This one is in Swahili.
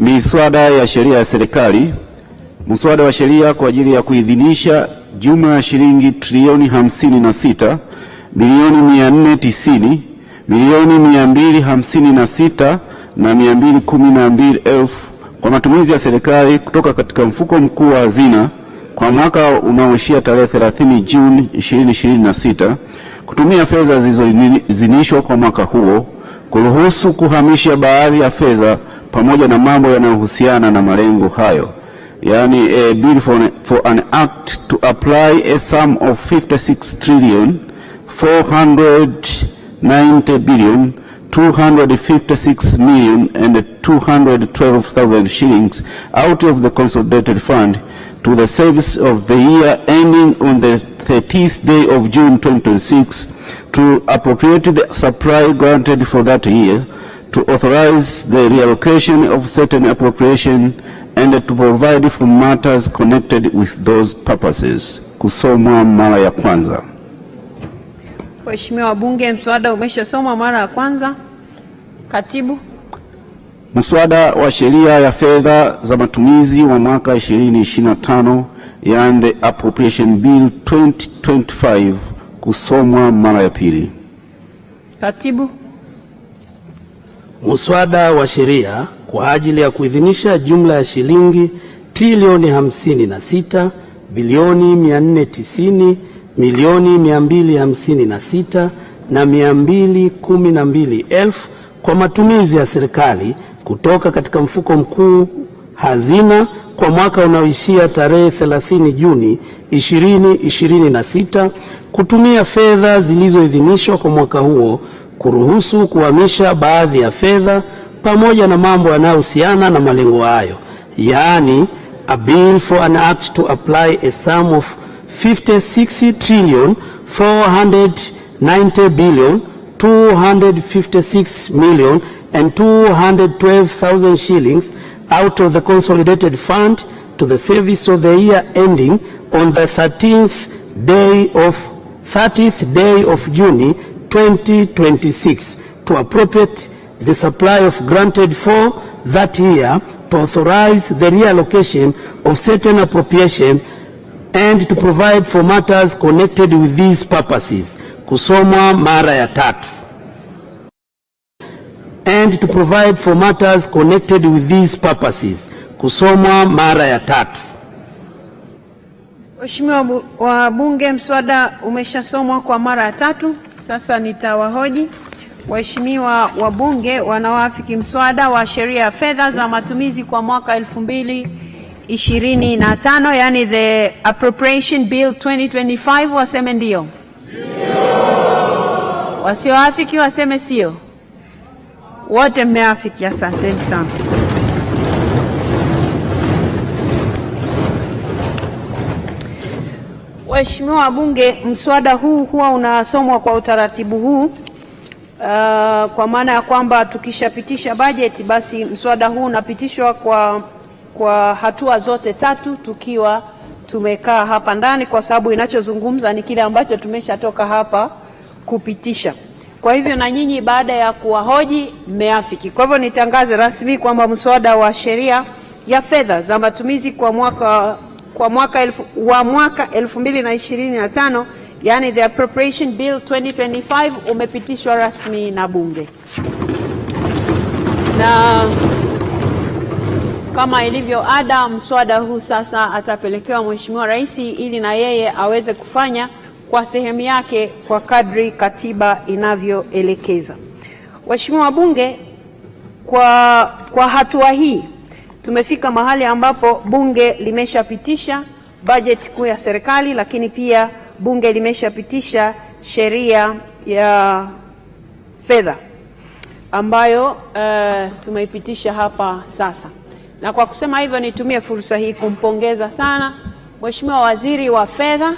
Miswada ya sheria ya serikali. Mswada wa sheria kwa ajili ya kuidhinisha jumla ya shilingi trilioni 56 bilioni 490 milioni 256 na 212 elfu kwa matumizi ya serikali kutoka katika mfuko mkuu wa hazina kwa mwaka unaoishia tarehe 30 Juni 2026 kutumia fedha zilizoidhinishwa kwa mwaka huo, kuruhusu kuhamisha baadhi ya fedha pamoja na mambo yanayohusiana na malengo hayo, yani a bill for, for an act to apply a sum of 56 trillion 490 billion 256 million and 212,000 shillings out of the consolidated fund to the service of the year ending on the 30th day of June 2026 to appropriate the supply granted for that year to authorize the reallocation of certain appropriation and to provide for matters connected with those purposes. Kusomwa mara ya kwanza. Mheshimiwa Bunge, mswada umeshasomwa mara ya kwanza. Katibu. Mswada wa sheria ya fedha za matumizi wa mwaka 2025 yaani the appropriation bill 2025 kusomwa mara ya pili. Katibu muswada wa sheria kwa ajili ya kuidhinisha jumla ya shilingi trilioni 56 bilioni 490 milioni 256 na 212 elfu kwa matumizi ya serikali kutoka katika mfuko mkuu hazina kwa mwaka unaoishia tarehe 30 Juni 2026 kutumia fedha zilizoidhinishwa kwa mwaka huo kuruhusu kuhamisha baadhi ya fedha pamoja na mambo yanayohusiana na malengo hayo, yaani a bill for an act to apply a sum of 56 trillion 490 billion 256 million and 212,000 shillings out of the consolidated fund to the service of the year ending on the 13th day of 30th day of June 2026 to appropriate the supply of granted for that year to authorize the reallocation of certain appropriation and to provide for matters connected with these purposes kusomwa mara ya tatu and to provide for matters connected with these purposes kusomwa mara ya tatu. Mheshimiwa wabunge, mswada umeshasomwa kwa mara ya tatu. Sasa nitawahoji waheshimiwa wabunge wanaoafiki mswada wa sheria ya fedha za matumizi kwa mwaka 2025, yani the appropriation bill 2025, waseme ndio, wasioafiki waseme sio. Wote mmeafiki, asanteni sana. Waheshimiwa wabunge, mswada huu huwa unasomwa kwa utaratibu huu uh, kwa maana ya kwamba tukishapitisha bajeti basi mswada huu unapitishwa kwa, kwa hatua zote tatu tukiwa tumekaa hapa ndani, kwa sababu inachozungumza ni kile ambacho tumeshatoka hapa kupitisha. Kwa hivyo na nyinyi baada ya kuwahoji mmeafiki. Kwa hivyo nitangaze rasmi kwamba mswada wa sheria ya fedha za matumizi kwa mwaka kwa mwaka elfu, wa mwaka 2025 yani the appropriation bill 2025 umepitishwa rasmi na bunge na kama ilivyo ada, mswada huu sasa atapelekewa Mheshimiwa Rais ili na yeye aweze kufanya kwa sehemu yake kwa kadri katiba inavyoelekeza. Waheshimiwa wabunge, kwa, kwa hatua hii Tumefika mahali ambapo bunge limeshapitisha bajeti kuu ya serikali, lakini pia bunge limeshapitisha sheria ya fedha ambayo uh, tumeipitisha hapa sasa. Na kwa kusema hivyo, nitumie fursa hii kumpongeza sana Mheshimiwa Waziri wa Fedha